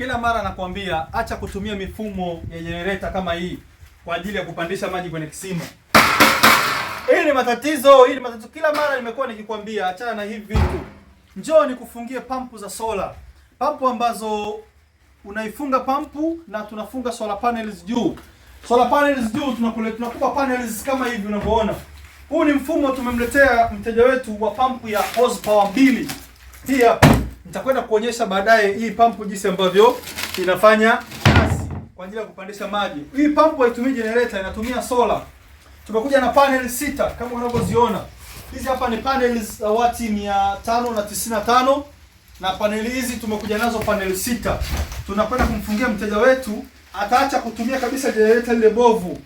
Kila mara nakwambia acha kutumia mifumo ya jenereta kama hii kwa ajili ya kupandisha maji kwenye kisima. Hii ni matatizo, hii ni matatizo. Kila mara nimekuwa nikikwambia achana na hivi vitu. Njoo nikufungie pampu za sola, pampu ambazo unaifunga pampu na tunafunga solar panels juu. Solar panels juu tunakule, tunakupa panels kama hivi unavyoona. Huu ni mfumo tumemletea mteja wetu wa pampu ya horsepower mbili hii hapa nitakwenda kuonyesha baadaye hii pampu jinsi ambavyo inafanya kazi kwa ajili ya kupandisha maji. Hii pampu haitumii generator, inatumia sola. Tumekuja na panel sita kama unavyoziona. Hizi hapa ni panels za wati 595 na na panel hizi tumekuja nazo panel sita. Tunakwenda kumfungia mteja wetu, ataacha kutumia kabisa jenereta lile bovu,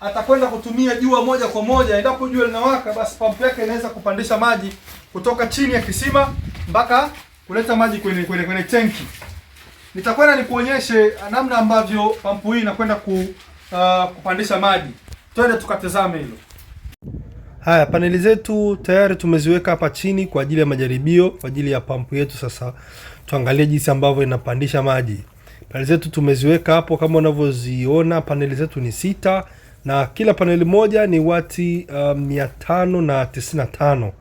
atakwenda kutumia jua moja kwa moja. Endapo jua linawaka, basi pampu yake inaweza kupandisha maji kutoka chini ya kisima mpaka kuleta maji kwenye kwenye kwenye tenki. Nitakwenda nikuonyeshe namna ambavyo pampu hii inakwenda ku, uh, kupandisha maji. Twende tukatazame hilo. Haya, paneli zetu tayari tumeziweka hapa chini kwa ajili ya majaribio, kwa ajili ya pampu yetu. Sasa tuangalie jinsi ambavyo inapandisha maji. Paneli zetu tumeziweka hapo kama unavyoziona, paneli zetu ni sita na kila paneli moja ni wati uh, mia tano na tisini na tano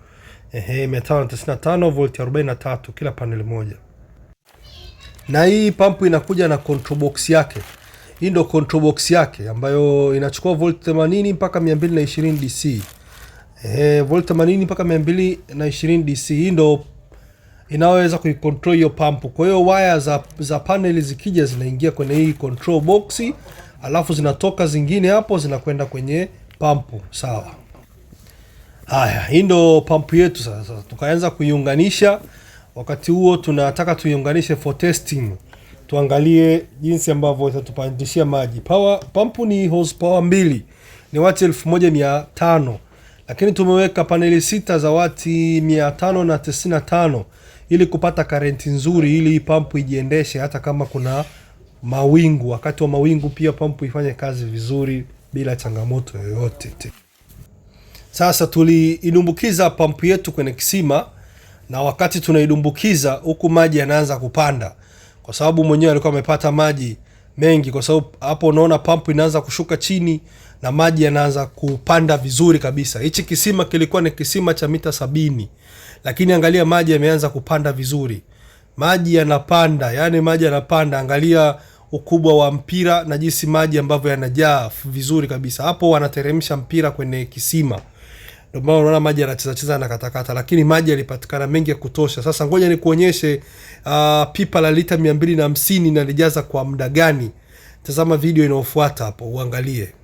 ehe, 595 volt 43 kila paneli moja, na hii pampu inakuja na control box yake. Hii ndo control box yake ambayo inachukua volt 80 mpaka 220 DC. Ehe, volt 80 mpaka 220 DC. Hii ndo inaweza kuikontrol hiyo pampu. Kwa hiyo waya za, za paneli zikija zinaingia kwenye hii control box, alafu zinatoka zingine hapo zinakwenda kwenye pampu, sawa. Haya, hii ndo pampu yetu sasa, tukaanza kuiunganisha. Wakati huo tunataka tuiunganishe for testing, tuangalie jinsi ambavyo itatupandishia maji. Power pampu ni hose power mbili, ni wati elfu moja mia tano lakini tumeweka paneli sita za wati mia tano na tisini na tano ili kupata karenti nzuri, ili pampu ijiendeshe hata kama kuna mawingu. Wakati wa mawingu pia pampu ifanye kazi vizuri bila changamoto yoyote. tete. Sasa tuliidumbukiza pampu yetu kwenye kisima, na wakati tunaidumbukiza huku maji yanaanza kupanda, kwa sababu mwenyewe alikuwa amepata maji mengi, kwa sababu hapo unaona pampu inaanza kushuka chini na maji yanaanza kupanda vizuri kabisa. Hichi kisima kilikuwa ni kisima cha mita sabini, lakini angalia maji yameanza kupanda vizuri, maji yanapanda, yani maji yanapanda, angalia ukubwa wa mpira na jinsi maji ambavyo yanajaa vizuri kabisa. Hapo wanateremsha mpira kwenye kisima ndio maana unaona maji yanacheza cheza na katakata, lakini maji yalipatikana mengi ya kutosha. Sasa ngoja nikuonyeshe uh, pipa la lita mia mbili na hamsini nalijaza kwa muda gani. Tazama video inayofuata hapo uangalie.